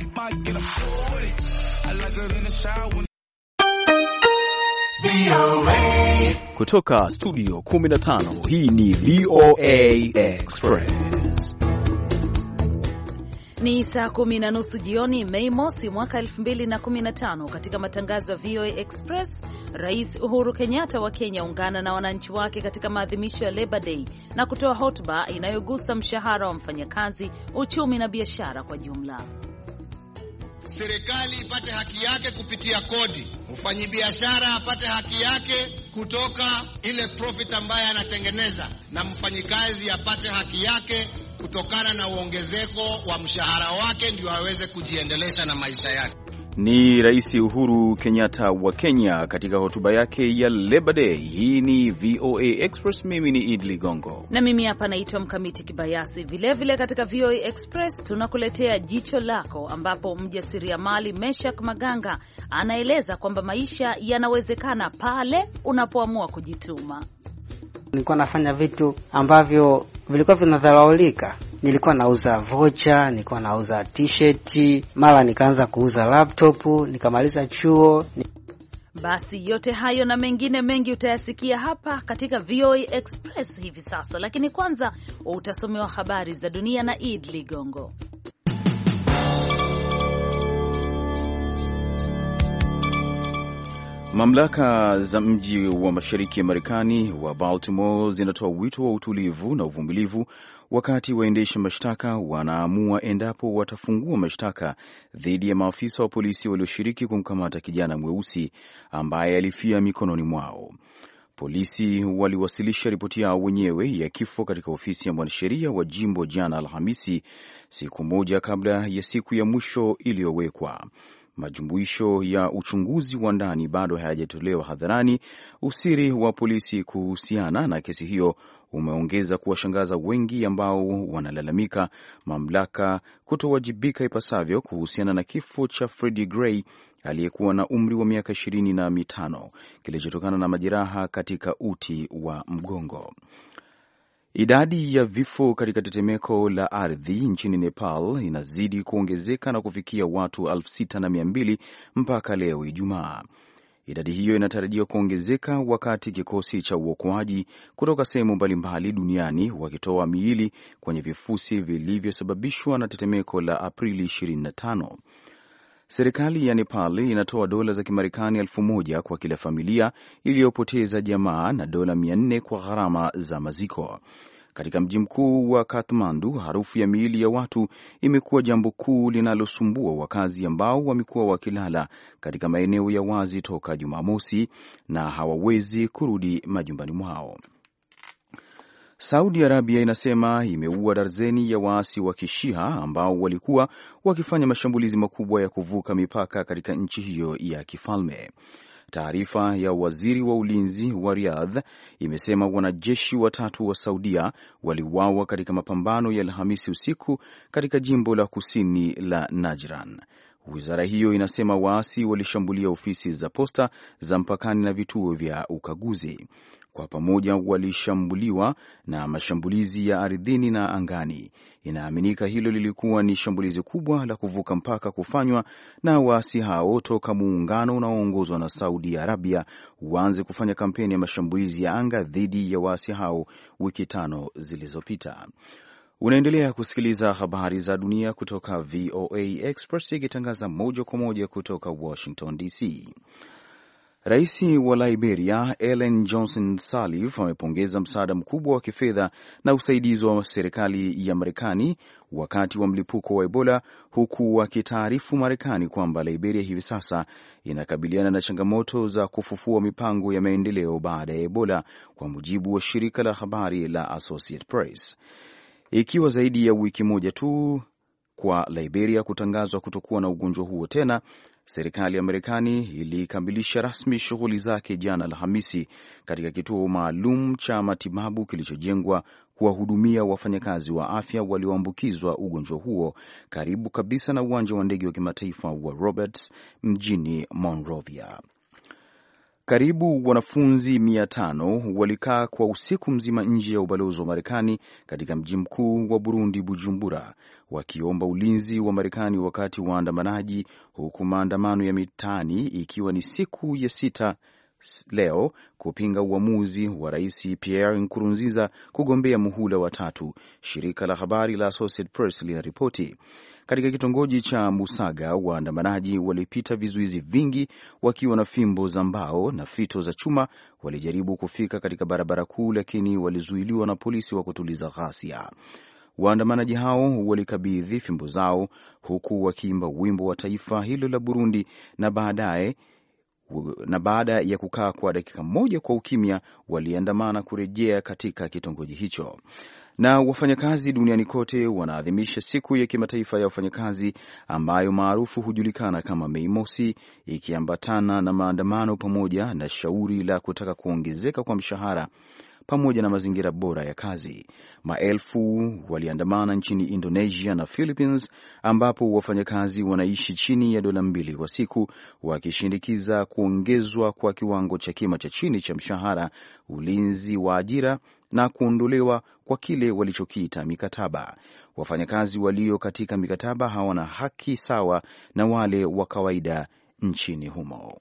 might, might get I like in the shower when kutoka studio 15 hii ni VOA Express. Ni saa kumi na nusu jioni Mei Mosi mwaka 2015. Katika matangazo ya VOA Express, Rais Uhuru Kenyatta wa Kenya ungana na wananchi wake katika maadhimisho ya Labor Day na kutoa hotuba inayogusa mshahara wa mfanyakazi, uchumi na biashara kwa jumla serikali ipate haki yake kupitia kodi, mfanyibiashara apate haki yake kutoka ile profit ambayo anatengeneza, na mfanyikazi apate haki yake kutokana na uongezeko wa mshahara wake, ndio aweze kujiendelesha na maisha yake ni Rais Uhuru Kenyatta wa Kenya katika hotuba yake ya Labor Day. Hii ni VOA Express, mimi ni Idi Ligongo na mimi hapa naitwa Mkamiti Kibayasi. Vilevile katika VOA Express tunakuletea Jicho Lako, ambapo mjasiriamali Meshak Maganga anaeleza kwamba maisha yanawezekana pale unapoamua kujituma. Nilikuwa nafanya vitu ambavyo vilikuwa vinadharaulika nilikuwa nauza vocha, nilikuwa nauza t-shirt, mara nikaanza kuuza laptop, nikamaliza chuo. Basi yote hayo na mengine mengi utayasikia hapa katika VOA e Express hivi sasa, lakini kwanza utasomewa habari za dunia na Id Ligongo. Mamlaka za mji wa mashariki ya Marekani wa Baltimore zinatoa wito wa utulivu na uvumilivu wakati waendesha mashtaka wanaamua endapo watafungua mashtaka dhidi ya maafisa wa polisi walioshiriki kumkamata kijana mweusi ambaye alifia mikononi mwao. Polisi waliwasilisha ripoti yao wenyewe ya kifo katika ofisi ya mwanasheria wa jimbo jana Alhamisi, siku moja kabla ya siku ya mwisho iliyowekwa. Majumuisho ya uchunguzi wa ndani bado hayajatolewa hadharani. Usiri wa polisi kuhusiana na kesi hiyo umeongeza kuwashangaza wengi ambao wanalalamika mamlaka kutowajibika ipasavyo kuhusiana na kifo cha Freddie Gray aliyekuwa na umri wa miaka ishirini na mitano kilichotokana na majeraha katika uti wa mgongo. Idadi ya vifo katika tetemeko la ardhi nchini Nepal inazidi kuongezeka na kufikia watu elfu mpaka leo Ijumaa. Idadi hiyo inatarajiwa kuongezeka wakati kikosi cha uokoaji kutoka sehemu mbalimbali duniani wakitoa miili kwenye vifusi vilivyosababishwa na tetemeko la Aprili 25. Serikali ya Nepal inatoa dola za Kimarekani elfu moja kwa kila familia iliyopoteza jamaa na dola mia nne kwa gharama za maziko. Katika mji mkuu wa Kathmandu, harufu ya miili ya watu imekuwa jambo kuu linalosumbua wakazi ambao wamekuwa wakilala katika maeneo ya wazi toka Jumamosi na hawawezi kurudi majumbani mwao. Saudi Arabia inasema imeua darzeni ya waasi wa Kishia ambao walikuwa wakifanya mashambulizi makubwa ya kuvuka mipaka katika nchi hiyo ya kifalme. Taarifa ya waziri wa ulinzi wa Riyadh imesema wanajeshi watatu wa Saudia waliuawa katika mapambano ya Alhamisi usiku katika jimbo la kusini la Najran. Wizara hiyo inasema waasi walishambulia ofisi za posta za mpakani na vituo vya ukaguzi kwa pamoja walishambuliwa na mashambulizi ya ardhini na angani. Inaaminika hilo lilikuwa ni shambulizi kubwa la kuvuka mpaka kufanywa na waasi hao toka muungano unaoongozwa na Saudi Arabia uanze kufanya kampeni ya mashambulizi ya anga dhidi ya waasi hao wiki tano zilizopita. Unaendelea kusikiliza habari za dunia kutoka VOA Express ikitangaza moja kwa moja kutoka Washington DC. Rais wa Liberia Ellen Johnson Sirleaf amepongeza msaada mkubwa wa kifedha na usaidizi wa serikali ya Marekani wakati wa mlipuko wa Ebola, huku wakitaarifu Marekani kwamba Liberia hivi sasa inakabiliana na changamoto za kufufua mipango ya maendeleo baada ya Ebola, kwa mujibu wa shirika la habari la Associate Press. Ikiwa zaidi ya wiki moja tu kwa Liberia kutangazwa kutokuwa na ugonjwa huo tena, Serikali ya Marekani ilikamilisha rasmi shughuli zake jana Alhamisi katika kituo maalum cha matibabu kilichojengwa kuwahudumia wafanyakazi wa afya walioambukizwa ugonjwa huo karibu kabisa na uwanja wa ndege wa kimataifa wa Roberts mjini Monrovia. Karibu wanafunzi mia tano walikaa kwa usiku mzima nje ya ubalozi wa Marekani katika mji mkuu wa Burundi, Bujumbura, wakiomba ulinzi wa Marekani wakati waandamanaji, huku maandamano ya mitaani ikiwa ni siku ya sita leo kupinga uamuzi wa rais Pierre Nkurunziza kugombea muhula wa tatu, shirika la habari la Associated Press linaripoti. Katika kitongoji cha Musaga, waandamanaji walipita vizuizi vingi wakiwa na fimbo za mbao na fito za chuma. Walijaribu kufika katika barabara kuu, lakini walizuiliwa na polisi wa kutuliza ghasia. Waandamanaji hao walikabidhi fimbo zao huku wakiimba wimbo wa taifa hilo la Burundi na baadaye na baada ya kukaa kwa dakika moja kwa ukimya, waliandamana kurejea katika kitongoji hicho. Na wafanyakazi duniani kote wanaadhimisha siku ya kimataifa ya wafanyakazi ambayo maarufu hujulikana kama Mei Mosi, ikiambatana na maandamano pamoja na shauri la kutaka kuongezeka kwa mshahara pamoja na mazingira bora ya kazi. Maelfu waliandamana nchini Indonesia na Philippines, ambapo wafanyakazi wanaishi chini ya dola mbili kwa siku, wakishinikiza kuongezwa kwa kiwango cha kima cha chini cha mshahara, ulinzi wa ajira na kuondolewa kwa kile walichokiita mikataba. Wafanyakazi walio katika mikataba hawana haki sawa na wale wa kawaida nchini humo.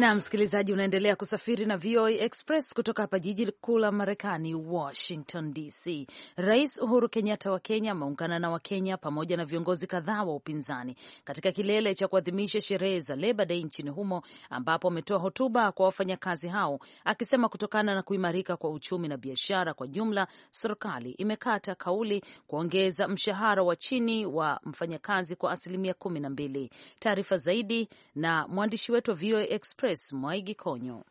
na msikilizaji, unaendelea kusafiri na VOA Express kutoka hapa jiji kuu la Marekani, Washington DC. Rais Uhuru Kenyatta wa Kenya ameungana na Wakenya pamoja na viongozi kadhaa wa upinzani katika kilele cha kuadhimisha sherehe za Labor Day nchini humo, ambapo ametoa hotuba kwa wafanyakazi hao akisema kutokana na kuimarika kwa uchumi na biashara kwa jumla, serikali imekata kauli kuongeza mshahara wa chini wa mfanyakazi kwa asilimia kumi na mbili. Taarifa zaidi na mwandishi wetu wa VOA Express Grace Mwaigikonyo.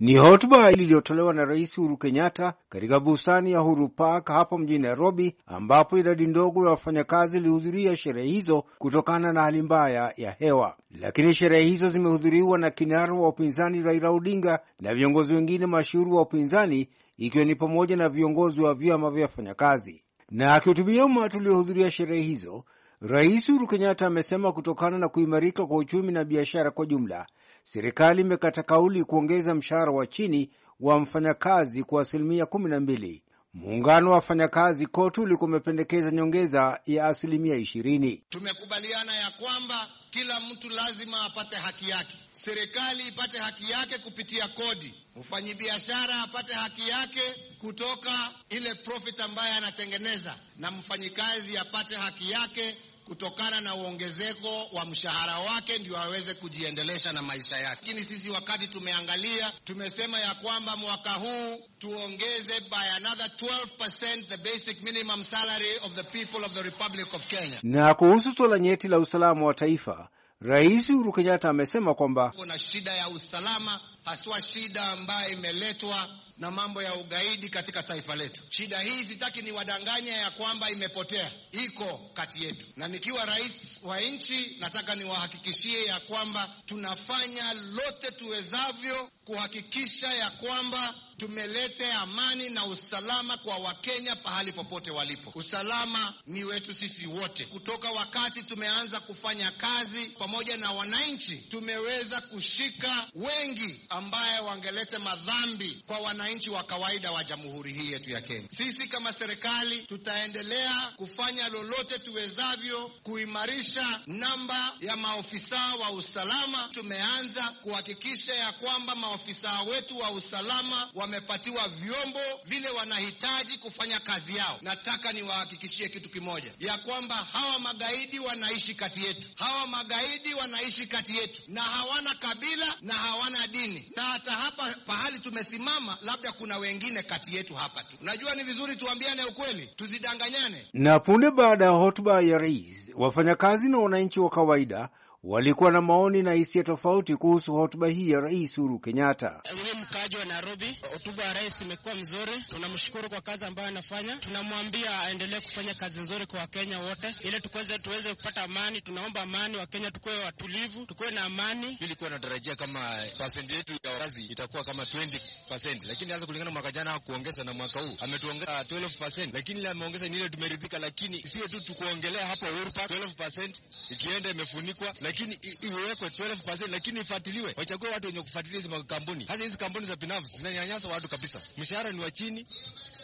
Ni hotuba iliyotolewa na Rais Uhuru Kenyatta katika bustani ya Uhuru Park hapo mjini Nairobi, ambapo idadi ndogo ya wafanyakazi ilihudhuria sherehe hizo kutokana na hali mbaya ya hewa. Lakini sherehe hizo zimehudhuriwa na kinara wa upinzani Raila Odinga na viongozi wengine mashuhuri wa upinzani, ikiwa ni pamoja na viongozi wa vyama vya wafanyakazi. Na akihutubia umma uliohudhuria sherehe hizo, Rais Uhuru Kenyatta amesema kutokana na kuimarika kwa uchumi na biashara kwa jumla serikali imekata kauli kuongeza mshahara wa chini wa mfanyakazi kwa asilimia kumi na mbili. Muungano wa wafanyakazi KOTU ulikuwa umependekeza nyongeza ya asilimia ishirini. Tumekubaliana ya kwamba kila mtu lazima apate haki yake, serikali ipate haki yake kupitia kodi, mfanyibiashara apate haki yake kutoka ile profit ambayo anatengeneza, na mfanyikazi apate haki yake kutokana na uongezeko wa mshahara wake ndio aweze kujiendelesha na maisha yake. Lakini sisi wakati tumeangalia, tumesema ya kwamba mwaka huu tuongeze by another 12% the basic minimum salary of the people of the Republic of Kenya. Na kuhusu suala nyeti la usalama wa taifa, Rais Uhuru Kenyatta amesema kwamba kuna shida ya usalama, haswa shida ambayo imeletwa na mambo ya ugaidi katika taifa letu. Shida hii sitaki niwadanganya ya kwamba imepotea, iko kati yetu, na nikiwa rais wa nchi nataka niwahakikishie ya kwamba tunafanya lote tuwezavyo kuhakikisha ya kwamba tumelete amani na usalama kwa Wakenya pahali popote walipo. Usalama ni wetu sisi wote. Kutoka wakati tumeanza kufanya kazi pamoja na wananchi, tumeweza kushika wengi ambaye wangelete madhambi kwa wananchi wananchi wa kawaida wa jamhuri hii yetu ya Kenya. Sisi kama serikali tutaendelea kufanya lolote tuwezavyo kuimarisha namba ya maofisa wa usalama. Tumeanza kuhakikisha ya kwamba maofisa wetu wa usalama wamepatiwa vyombo vile wanahitaji kufanya kazi yao. Nataka niwahakikishie kitu kimoja, ya kwamba hawa magaidi wanaishi kati yetu, hawa magaidi wanaishi kati yetu, na hawana kabila na hawana dini, na hata hapa pahali tumesimama labda labda kuna wengine kati yetu hapa tu. Unajua, ni vizuri tuambiane ukweli, tuzidanganyane Na punde baada ya hotuba ya rais, wafanyakazi na wananchi wa kawaida walikuwa na maoni na hisia tofauti kuhusu hotuba hii ya Rais Uhuru Kenyatta. Uye mkaaji wa Nairobi, hotuba ya rais imekuwa mzuri, tunamshukuru kwa kazi ambayo anafanya. Tunamwambia aendelee kufanya kazi nzuri kwa Wakenya wote, ili tukweze tuweze kupata amani. Tunaomba amani, Wakenya tukuwe watulivu, tukuwe na amani. Ilikuwa natarajia kama pasenti yetu ya wazi itakuwa kama 20%, lakini hasa kulingana mwaka jana kuongeza na mwaka huu ametuongeza 12%, lakini ameongeza ni ile tumeridhika, lakini sio tu tukuongelea hapa 12% ikienda imefunikwa lakini iwekwe 12%, lakini ifuatiliwe, wachague watu wenye kufuatilia hizo makampuni. Hasa hizi kampuni za binafsi zinanyanyasa watu kabisa, mshahara ni wa chini.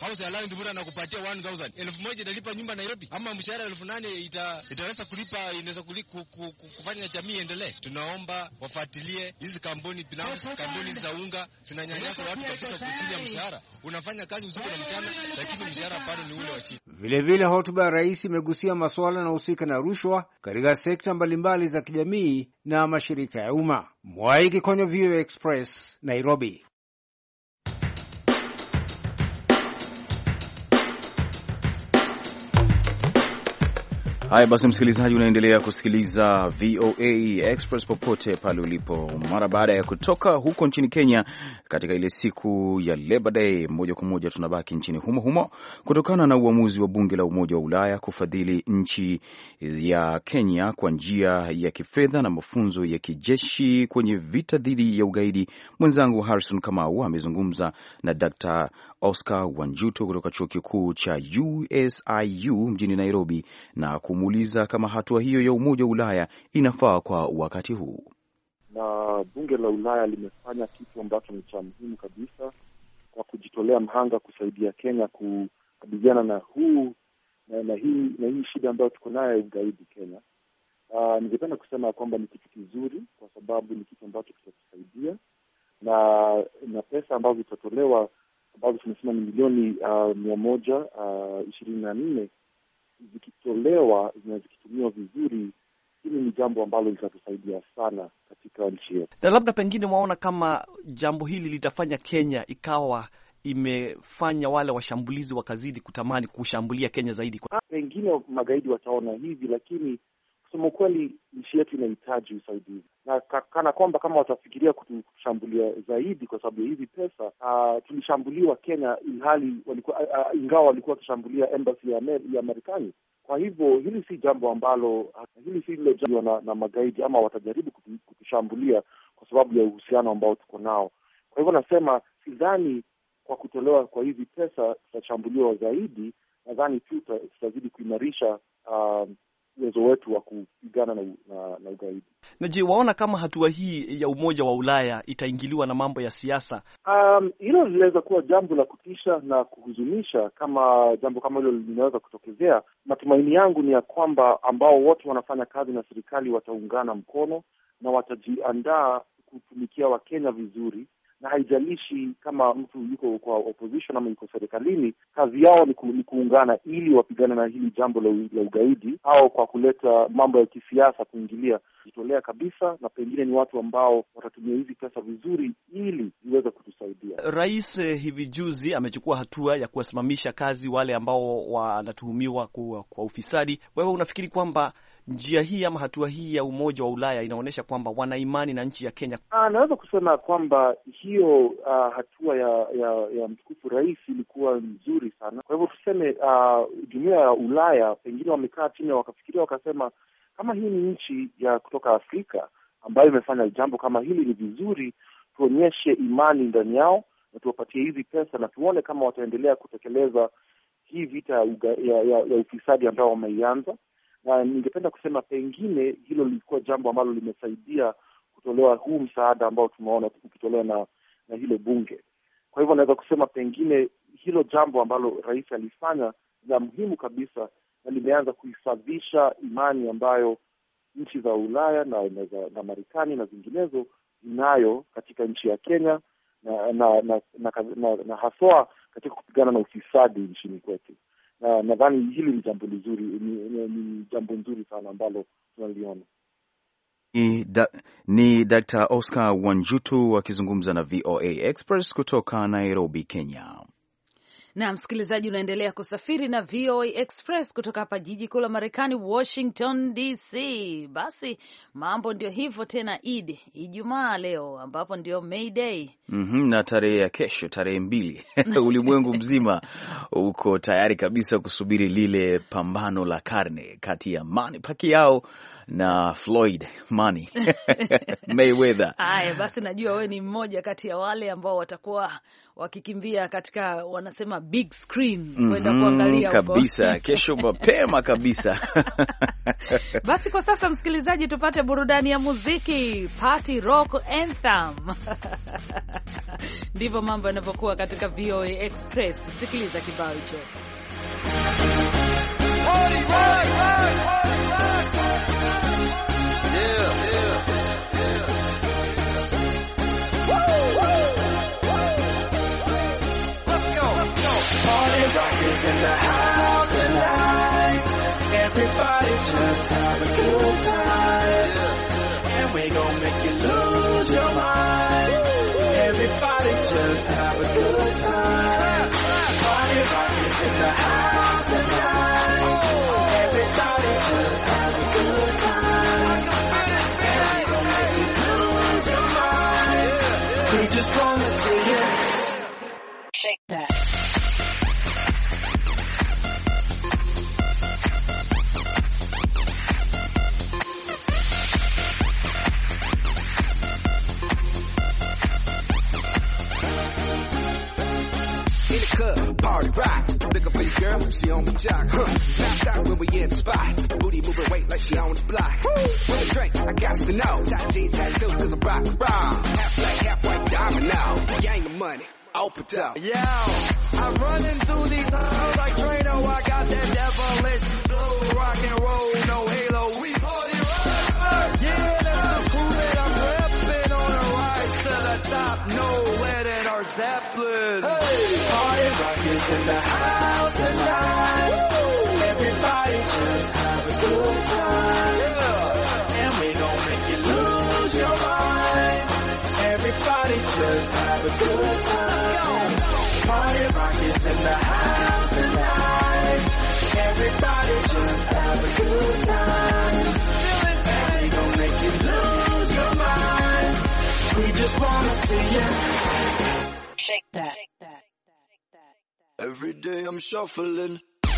House allowance mtu anakupatia 1000 elfu moja italipa nyumba Nairobi, ama mshahara elfu nane ita, itaweza kulipa inaweza kuliku, ku, ku, kufanya jamii iendelee. Tunaomba wafuatilie hizi kampuni binafsi, kampuni za unga zinanyanyasa watu kabisa kuchini ya mshahara. Unafanya kazi usiku na mchana, lakini mshahara bado ni ule wa chini. Vile vile hotuba ya rais imegusia masuala na yanayohusika na rushwa katika sekta mbalimbali za kijamii jamii na mashirika ya umma. Mwaiki kwenye VOA Express, Nairobi. Haya basi, msikilizaji, unaendelea kusikiliza VOA Express popote pale ulipo. Mara baada ya kutoka huko nchini Kenya katika ile siku ya Labor Day, moja kwa moja tunabaki nchini humo humo kutokana na uamuzi wa bunge la Umoja wa Ulaya kufadhili nchi ya Kenya kwa njia ya kifedha na mafunzo ya kijeshi kwenye vita dhidi ya ugaidi. Mwenzangu Harrison Kamau amezungumza na Dr. Oscar Wanjuto kutoka chuo kikuu cha USIU mjini Nairobi na kumuuliza kama hatua hiyo ya Umoja wa Ulaya inafaa kwa wakati huu. Na bunge la Ulaya limefanya kitu ambacho ni cha muhimu kabisa kwa kujitolea mhanga kusaidia Kenya kukabiliana na huu na, na hii na hii shida ambayo tuko nayo ya ugaidi Kenya. Uh, ningependa kusema ya kwamba ni kitu kizuri kwa sababu ni kitu ambacho kitatusaidia na na pesa ambazo zitatolewa ambazo tumesema ni milioni uh, mia moja uh, ishirini na nne zikitolewa na zikitumiwa vizuri, hili ni jambo ambalo litatusaidia sana katika nchi yetu, na labda pengine waona kama jambo hili litafanya Kenya ikawa imefanya wale washambulizi wakazidi kutamani kushambulia Kenya zaidi. Pengine magaidi wataona hivi, lakini kusema ukweli, nchi yetu inahitaji usaidizi na kana kwamba kama watafikiria kutushambulia zaidi kwa sababu ya hizi pesa uh, tulishambuliwa Kenya ilhali walikuwa uh, ingawa walikuwa wakishambulia embassy ya, ya Marekani. Kwa hivyo hili si jambo ambalo hili si lilojaliwa na, na magaidi ama watajaribu kutushambulia kwa sababu ya uhusiano ambao tuko nao. Kwa hivyo nasema sidhani kwa kutolewa kwa hizi pesa tutashambuliwa zaidi. Nadhani tu tutazidi kuimarisha uh, uwezo wetu wa kupigana na, na, na ugaidi. Na je, waona kama hatua hii ya Umoja wa Ulaya itaingiliwa na mambo ya siasa? Um, hilo linaweza kuwa jambo la kutisha na kuhuzunisha kama jambo kama hilo linaweza kutokezea. Matumaini yangu ni ya kwamba ambao wote wanafanya kazi na serikali wataungana mkono na watajiandaa kutumikia Wakenya vizuri na haijalishi kama mtu yuko kwa opposition ama yuko serikalini, kazi yao ni, ku, kuungana ili wapigane na hili jambo la, la ugaidi au kwa kuleta mambo ya kisiasa kuingilia jitolea kabisa, na pengine ni watu ambao watatumia hizi pesa vizuri ili ziweze kutusaidia. Rais eh, hivi juzi amechukua hatua ya kuwasimamisha kazi wale ambao wanatuhumiwa kwa, kwa ufisadi. Wewe unafikiri kwamba njia hii ama hatua hii ya Umoja wa Ulaya inaonyesha kwamba wana imani na nchi ya Kenya? Ah, naweza kusema kwamba hiyo uh, hatua ya ya, ya mtukufu rais ilikuwa nzuri sana. Kwa hivyo tuseme, uh, jumuiya ya Ulaya pengine wamekaa chini wakafikiria, wakasema kama hii ni nchi ya kutoka Afrika ambayo imefanya jambo kama hili, ni vizuri tuonyeshe imani ndani yao na tuwapatie hizi pesa na tuone kama wataendelea kutekeleza hii vita ya, ya, ya ufisadi ambayo wameianza na ningependa kusema pengine hilo lilikuwa jambo ambalo limesaidia kutolewa huu msaada ambao tumeona ukitolewa na, na hilo bunge. Kwa hivyo naweza kusema pengine hilo jambo ambalo rais alifanya la muhimu kabisa, na limeanza kuhifadhisha imani ambayo nchi za Ulaya na, na, na Marekani na zinginezo inayo katika nchi ya Kenya na, na, na, na, na, na haswa katika kupigana na ufisadi nchini kwetu na nadhani hili ni jambo lizuri, ni jambo nzuri sana ambalo tunaliona. Ni, da, ni Dr. Oscar Wanjutu akizungumza na VOA Express kutoka Nairobi, Kenya na msikilizaji, unaendelea kusafiri na VOA Express kutoka hapa jiji kuu la Marekani, Washington DC. Basi mambo ndio hivyo tena, Idi Ijumaa leo ambapo ndio May Day mm -hmm, na tarehe ya kesho tarehe mbili ulimwengu mzima uko tayari kabisa kusubiri lile pambano la karne kati ya Manny Pacquiao na Floyd Money Mayweather. Aya, basi, najua wewe ni mmoja kati ya wale ambao watakuwa wakikimbia katika wanasema big screen mhm, kwenda mm -hmm, kuangalia kabisa kesho mapema kabisa. Basi kwa sasa, msikilizaji, tupate burudani ya muziki, party rock anthem. Ndivyo mambo yanavyokuwa katika VOA Express. Sikiliza kibao hicho. Everybody's in the house tonight. Everybody just have a good time. And we gon' make you lose your mind. Everybody just have a good time. Party rock is in the house tonight. She on the jock, huh? Passed out when we in spot. Booty moving weight like she on the block. Woo! With a drink, I got to know. Tight jeans, tattoos, cause I'm rock, Half black, half white, diamond now. Gang of money. Open up. Yeah, I'm running through these halls like Drano. I got that devilish blue rock and roll, no halo. We pull. Everybody's in the house tonight. Woo! Everybody just have a good time. Yeah. And we gon' make you lose your mind. Everybody just have a good time. Party rock is in the house tonight. Everybody just have a good time. And we gon' make you lose your mind. We just wanna see you. Every day I'm shuffling. Step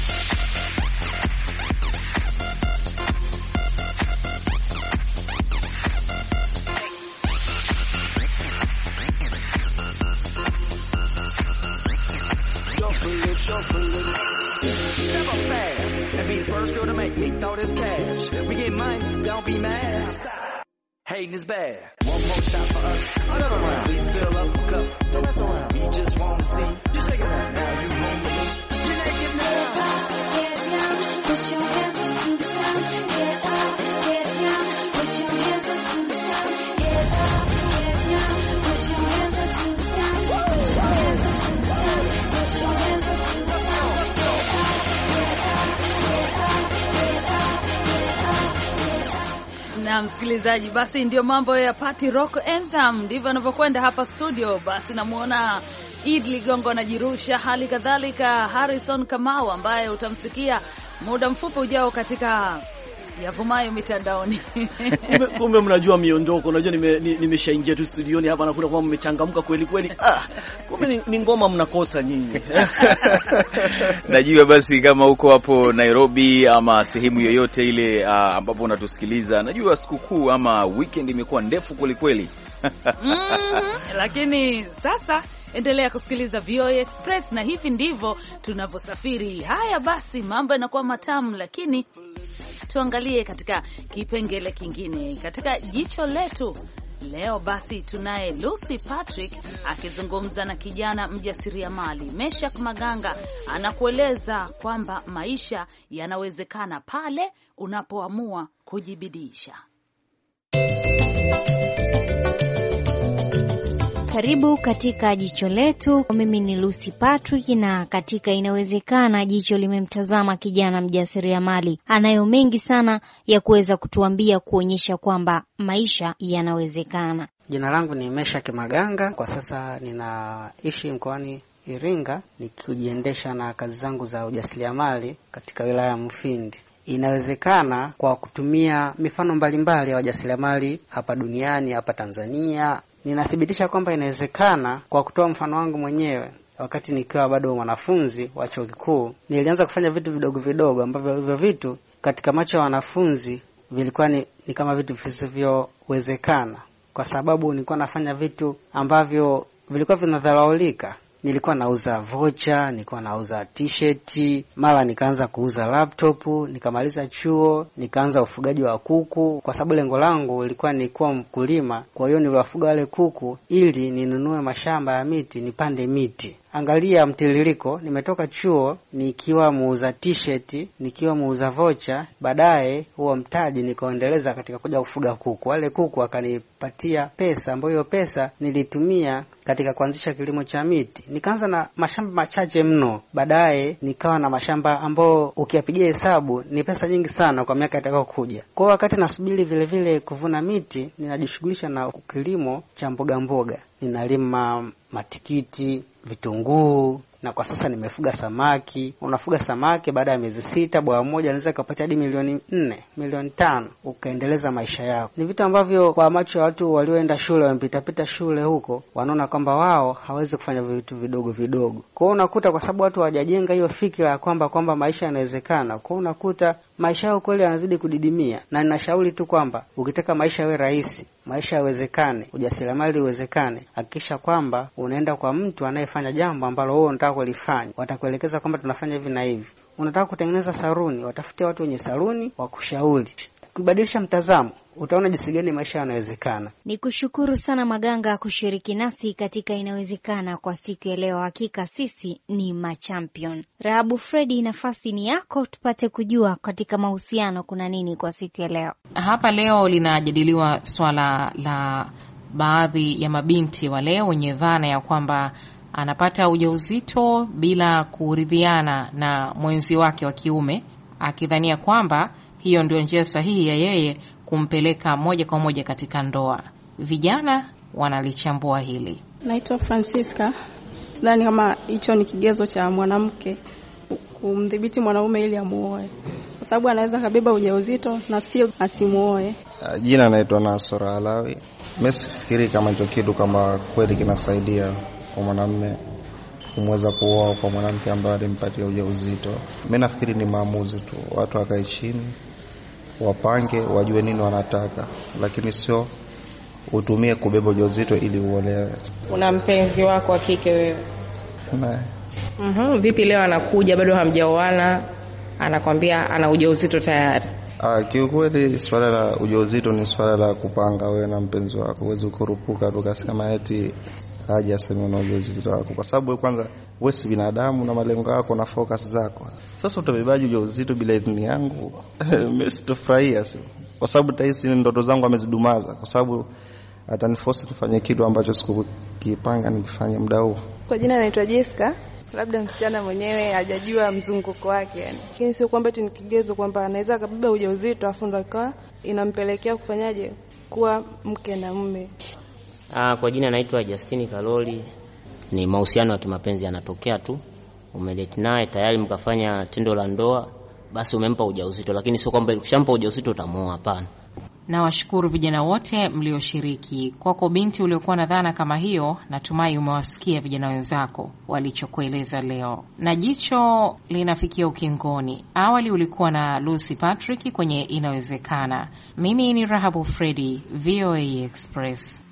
up fast and be the first girl to make me throw this cash. We get money, don't be mad. Hating is bad more shot for us. Another round. Please fill up a cup. Don't mess around. We just want to see Just shake it up. Now you will with me. You're naked now. Get down. Put your hands to the ground. na msikilizaji, basi ndio mambo ya Party Rock Anthem, ndivyo anavyokwenda hapa studio. Basi namwona Id Ligongo anajirusha, hali kadhalika Harrison Kamau ambaye utamsikia muda mfupi ujao katika yavumayo mitandaoni. Kumbe, kumbe mnajua miondoko. Unajua nimeshaingia nime tu studioni hapa na kuna mmechangamka kweli kweli. Ah, kumbe ni ngoma mnakosa nyinyi. Najua basi kama uko hapo Nairobi ama sehemu yoyote ile ah, ambapo unatusikiliza, najua sikukuu ama weekend imekuwa ndefu kweli kweli. Mm, lakini sasa Endelea kusikiliza VOA Express, na hivi ndivyo tunavyosafiri. Haya basi, mambo yanakuwa matamu, lakini tuangalie katika kipengele kingine, katika jicho letu leo. Basi tunaye Lucy Patrick akizungumza na kijana mjasiriamali Meshak Maganga, anakueleza kwamba maisha yanawezekana pale unapoamua kujibidisha. Karibu katika jicho letu. Mimi ni Lucy Patrick, na katika inawezekana jicho limemtazama kijana mjasiriamali anayo mengi sana ya kuweza kutuambia kuonyesha kwamba maisha yanawezekana. Jina langu ni Mesha Kimaganga, kwa sasa ninaishi mkoani Iringa nikijiendesha na kazi zangu za ujasiriamali katika wilaya ya mfindi Inawezekana kwa kutumia mifano mbalimbali ya wajasiriamali hapa duniani, hapa Tanzania, Ninathibitisha kwamba inawezekana kwa kutoa mfano wangu mwenyewe. Wakati nikiwa bado mwanafunzi wa chuo kikuu, nilianza kufanya vitu vidogo vidogo ambavyo hivyo vitu katika macho ya wanafunzi vilikuwa ni, ni kama vitu visivyowezekana, kwa sababu nilikuwa nafanya vitu ambavyo vilikuwa vinadharaulika nilikuwa nauza vocha, nilikuwa nauza t-shirt, mara nikaanza kuuza laptop. Nikamaliza chuo nikaanza ufugaji wa kuku, kwa sababu lengo langu ilikuwa ni kuwa mkulima. Kwa hiyo niliwafuga wale kuku ili ninunue mashamba ya miti nipande miti. Angalia mtiririko, nimetoka chuo nikiwa muuza t-shirt, nikiwa muuza vocha, baadaye huo mtaji nikaendeleza katika kuja kufuga kuku. Wale kuku akanipatia pesa, ambayo hiyo pesa nilitumia katika kuanzisha kilimo cha miti. Nikaanza na mashamba machache mno, baadaye nikawa na mashamba ambayo ukiyapigia hesabu ni pesa nyingi sana kwa miaka itakayokuja. Kwa hiyo wakati nasubiri vile vile kuvuna miti, ninajishughulisha na kilimo cha mbogamboga ninalima matikiti vitunguu na kwa sasa nimefuga samaki. Unafuga samaki, baada ya miezi sita, bwawa moja anaweza kupata hadi milioni nne, milioni tano, ukaendeleza maisha yako. Ni vitu ambavyo kwa macho ya watu walioenda shule, wamepitapita shule huko, wanaona kwamba wao hawezi kufanya vitu vidogo vidogo. Kwa hiyo unakuta, kwa sababu watu hawajajenga hiyo fikira ya kwamba kwamba maisha yanawezekana, kwa hiyo unakuta maisha yao kweli yanazidi kudidimia. Na ninashauri tu kwamba ukitaka maisha yawe rahisi, maisha yawezekane, ujasiriamali uwezekane, hakikisha kwamba unaenda kwa mtu anaye fanya jambo ambalo wewe unataka kulifanya, watakuelekeza kwamba tunafanya hivi na hivi. Unataka kutengeneza saruni, watafutia watu wenye saruni wa kushauri. Kubadilisha mtazamo, utaona jinsi gani maisha yanawezekana. Ni kushukuru sana Maganga kushiriki nasi katika Inawezekana kwa siku ya leo. Hakika sisi ni machampion. Rahabu Fredi, nafasi ni yako, tupate kujua katika mahusiano kuna nini kwa siku ya leo. Hapa leo linajadiliwa swala la baadhi ya mabinti wa wenye dhana ya kwamba anapata ujauzito bila kuridhiana na mwenzi wake wa kiume, akidhania kwamba hiyo ndio njia sahihi ya yeye kumpeleka moja kwa moja katika ndoa. Vijana wanalichambua hili. Naitwa Francisca. Sidhani kama hicho ni kigezo cha mwanamke kumdhibiti mwanaume ili amuoe, kwa sababu anaweza akabeba ujauzito na still asimuoe. Uh, jina anaitwa Nasora Alawi. Mesifikiri kama hicho kitu kama kweli kinasaidia kwa mwanamme kumweza kuoa kwa mwanamke ambaye alimpatia ujauzito. Mimi nafikiri ni maamuzi tu, watu wakae chini, wapange, wajue nini wanataka, lakini sio utumie kubeba ujauzito ili uolewe. Una mpenzi wako wa kike wewe? Mm-hmm. Vipi leo anakuja bado hamjaoana, anakwambia ana ujauzito tayari? Ah, kiukweli swala la ujauzito ni swala la kupanga wewe na mpenzi wako. Huwezi kurupuka tukasema eti haja sana na ujauzito wako, kwa sababu kwanza wewe si binadamu na malengo yako na focus zako. Sasa utabebaji ujauzito bila idhini yangu? mimi sitofurahia, kwa sababu tahisi ndoto zangu amezidumaza, kwa sababu ataniforce nifanye kitu ambacho sikukipanga nikifanye muda huu. Kwa jina naitwa Jessica. Labda msichana mwenyewe hajajua mzunguko wake yani, lakini sio kwamba eti ni kigezo kwamba anaweza akabeba ujauzito afu ndo akawa inampelekea kufanyaje kuwa mke na mume. Aa, ah, kwa jina naitwa Justini Kaloli. Ni mahusiano ya kimapenzi yanatokea tu, umeleti naye tayari mkafanya tendo la ndoa, basi umempa ujauzito, lakini sio kwamba ukishampa ujauzito utamuoa, hapana. Nawashukuru vijana wote mlioshiriki. Kwako binti uliokuwa na dhana kama hiyo, natumai umewasikia vijana wenzako walichokueleza leo. Na jicho linafikia ukingoni. Awali ulikuwa na Lucy Patrick kwenye Inawezekana. Mimi ni Rahabu Fredi, VOA Express.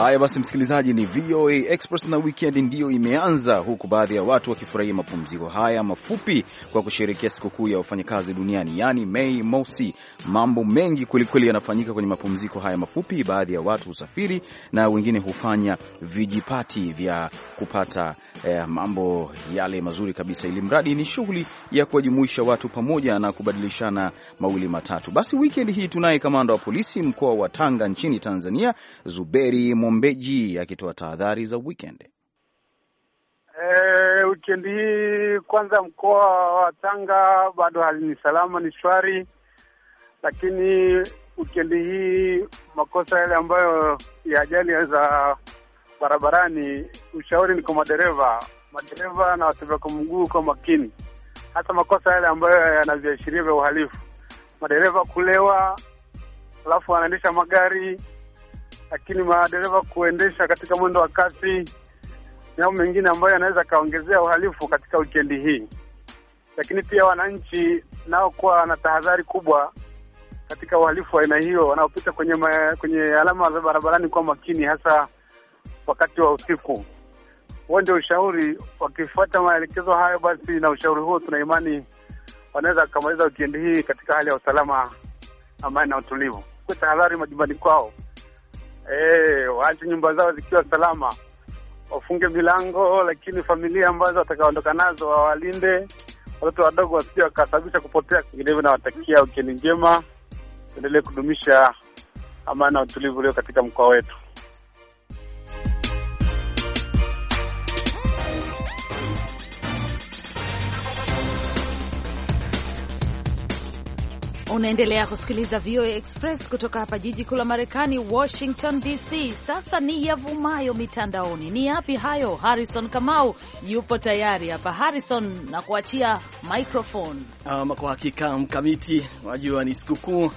Haya basi, msikilizaji, ni VOA Express na weekend ndiyo imeanza, huku baadhi ya watu wakifurahia mapumziko haya mafupi kwa kusherehekea sikukuu ya wafanyakazi duniani, yaani Mei Mosi. Mambo mengi kwelikweli yanafanyika kwenye mapumziko haya mafupi. Baadhi ya watu husafiri na wengine hufanya vijipati vya kupata eh, mambo yale mazuri kabisa, ili mradi ni shughuli ya kuwajumuisha watu pamoja na kubadilishana mawili matatu. Basi weekend hii tunaye kamanda wa polisi mkoa wa Tanga nchini Tanzania, Zuberi Mombeji akitoa tahadhari za weekend. E, eh, wikendi hii kwanza, mkoa wa Tanga bado hali ni salama, ni shwari, lakini wikendi hii makosa yale ambayo ya ajali za barabarani, ushauri ni kwa madereva, madereva na watembea kwa mguu kwa makini, hata makosa yale ambayo yana viashiria vya uhalifu, madereva kulewa, alafu wanaendesha magari lakini madereva kuendesha katika mwendo wa kasi au mengine ambayo yanaweza akaongezea uhalifu katika wikendi hii. Lakini pia wananchi nao kuwa na tahadhari kubwa katika uhalifu wa aina hiyo, wanaopita kwenye ma, kwenye alama za barabarani kwa makini, hasa wakati wa usiku. Huo ndio ushauri. Wakifuata maelekezo hayo, basi na ushauri huo, tuna imani wanaweza wakamaliza wikendi hii katika hali ya usalama, amani na utulivu. Kwa tahadhari majumbani kwao eh, waache nyumba zao zikiwa salama, wafunge milango, lakini familia ambazo watakaondoka nazo wawalinde, watoto wadogo wasije wakasababisha kupotea. Vinginevyo nawatakia wikendi njema, endelee kudumisha amani na utulivu ulio katika mkoa wetu. Unaendelea kusikiliza VOA Express kutoka hapa jiji kuu la Marekani, Washington DC. Sasa ni yavumayo mitandaoni, ni yapi hayo? Harrison Kamau yupo tayari hapa. Harrison, na kuachia microphone. Um, kwa hakika mkamiti, unajua ni sikukuu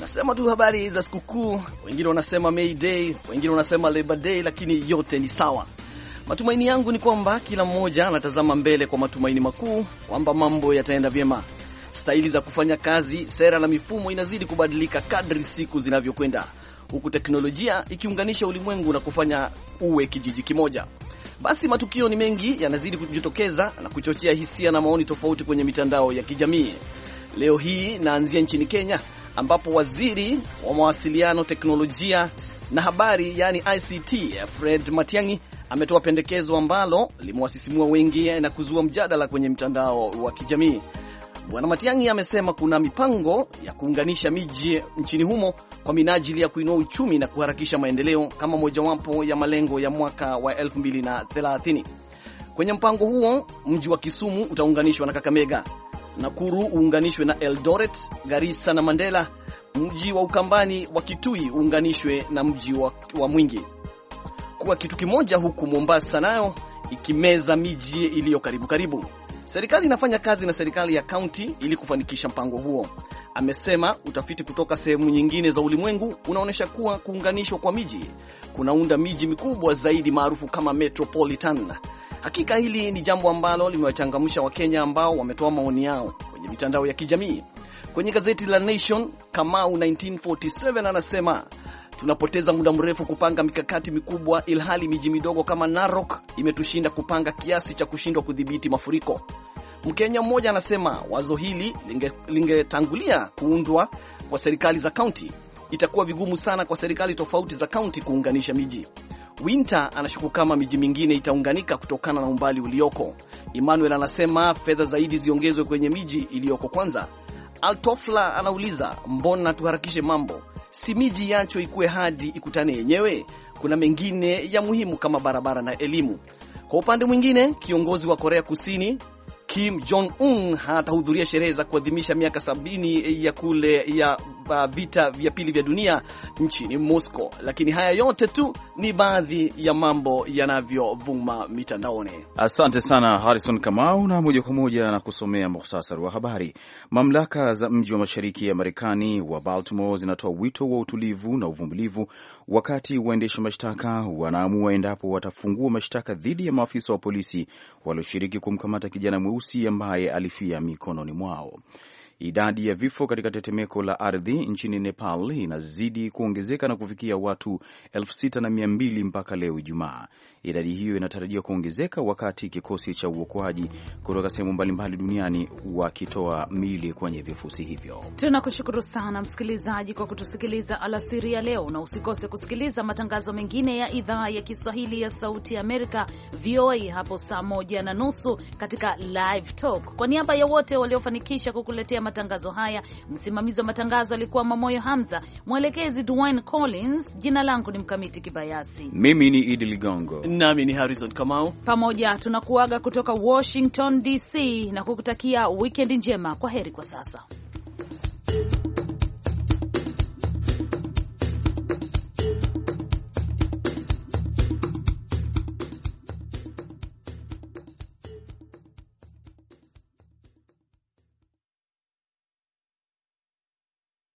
Nasema tu habari za sikukuu, wengine wanasema May Day, wengine wanasema Labor Day, lakini yote ni sawa. Matumaini yangu ni kwamba kila mmoja anatazama mbele kwa matumaini makuu kwamba mambo yataenda vyema staili za kufanya kazi, sera na mifumo inazidi kubadilika kadri siku zinavyokwenda, huku teknolojia ikiunganisha ulimwengu na kufanya uwe kijiji kimoja. Basi matukio ni mengi yanazidi kujitokeza na kuchochea hisia na maoni tofauti kwenye mitandao ya kijamii. Leo hii naanzia nchini Kenya ambapo waziri wa mawasiliano, teknolojia na habari, yani ICT, Fred Matiang'i ametoa pendekezo ambalo limewasisimua wengi na kuzua mjadala kwenye mtandao wa kijamii. Bwana Matiang'i amesema kuna mipango ya kuunganisha miji nchini humo kwa minajili ya kuinua uchumi na kuharakisha maendeleo kama mojawapo ya malengo ya mwaka wa 2030. Kwenye mpango huo mji wa Kisumu utaunganishwa na Kakamega, Nakuru uunganishwe na Eldoret, Garissa na Mandela, mji wa Ukambani wa Kitui uunganishwe na mji wa, wa Mwingi kuwa kitu kimoja, huku Mombasa nayo ikimeza miji iliyo karibu karibu. Serikali inafanya kazi na serikali ya kaunti ili kufanikisha mpango huo. Amesema utafiti kutoka sehemu nyingine za ulimwengu unaonyesha kuwa kuunganishwa kwa miji kunaunda miji mikubwa zaidi maarufu kama metropolitan. Hakika hili ni jambo ambalo limewachangamsha Wakenya ambao wametoa maoni yao kwenye mitandao ya kijamii. Kwenye gazeti la Nation, Kamau 1947 anasema Tunapoteza muda mrefu kupanga mikakati mikubwa, ilhali miji midogo kama Narok imetushinda kupanga kiasi cha kushindwa kudhibiti mafuriko. Mkenya mmoja anasema wazo hili lingetangulia linge kuundwa kwa serikali za kaunti. Itakuwa vigumu sana kwa serikali tofauti za kaunti kuunganisha miji. Winter anashuku kama miji mingine itaunganika kutokana na umbali ulioko. Emmanuel anasema fedha zaidi ziongezwe kwenye miji iliyoko kwanza. Altofla anauliza mbona tuharakishe mambo, si miji yacho ikuwe hadi ikutane yenyewe? Kuna mengine ya muhimu kama barabara na elimu. Kwa upande mwingine, kiongozi wa Korea Kusini Kim Jong Un hatahudhuria sherehe za kuadhimisha miaka sabini ya kule ya Uh, vita vya pili vya dunia nchini Moscow. Lakini haya yote tu ni baadhi ya mambo yanavyovuma mitandaoni. Asante sana Harrison Kamau, na moja kwa moja na kusomea muhtasari wa habari. Mamlaka za mji wa mashariki ya Marekani wa Baltimore zinatoa wito wa utulivu na uvumilivu wakati waendesha mashtaka wanaamua endapo watafungua mashtaka dhidi ya maafisa wa polisi walioshiriki kumkamata kijana mweusi ambaye alifia mikononi mwao. Idadi ya vifo katika tetemeko la ardhi nchini Nepal inazidi kuongezeka na kufikia watu 6200 mpaka leo Ijumaa. Idadi hiyo inatarajiwa kuongezeka wakati kikosi cha uokoaji kutoka sehemu mbalimbali duniani wakitoa mili kwenye vifusi hivyo. Tunakushukuru sana msikilizaji kwa kutusikiliza alasiri ya leo, na usikose kusikiliza matangazo mengine ya idhaa ya Kiswahili ya Sauti ya Amerika, VOA, hapo saa moja na nusu katika Live Talk. Kwa niaba ya wote waliofanikisha kukuletea matangazo haya. Msimamizi wa matangazo alikuwa Mamoyo Hamza, mwelekezi Dwayne Collins. Jina langu ni Mkamiti Kibayasi, mimi ni Idi Ligongo nami ni Harrison Kamau. Pamoja tunakuaga kutoka Washington DC na kukutakia wikendi njema. Kwa heri kwa sasa.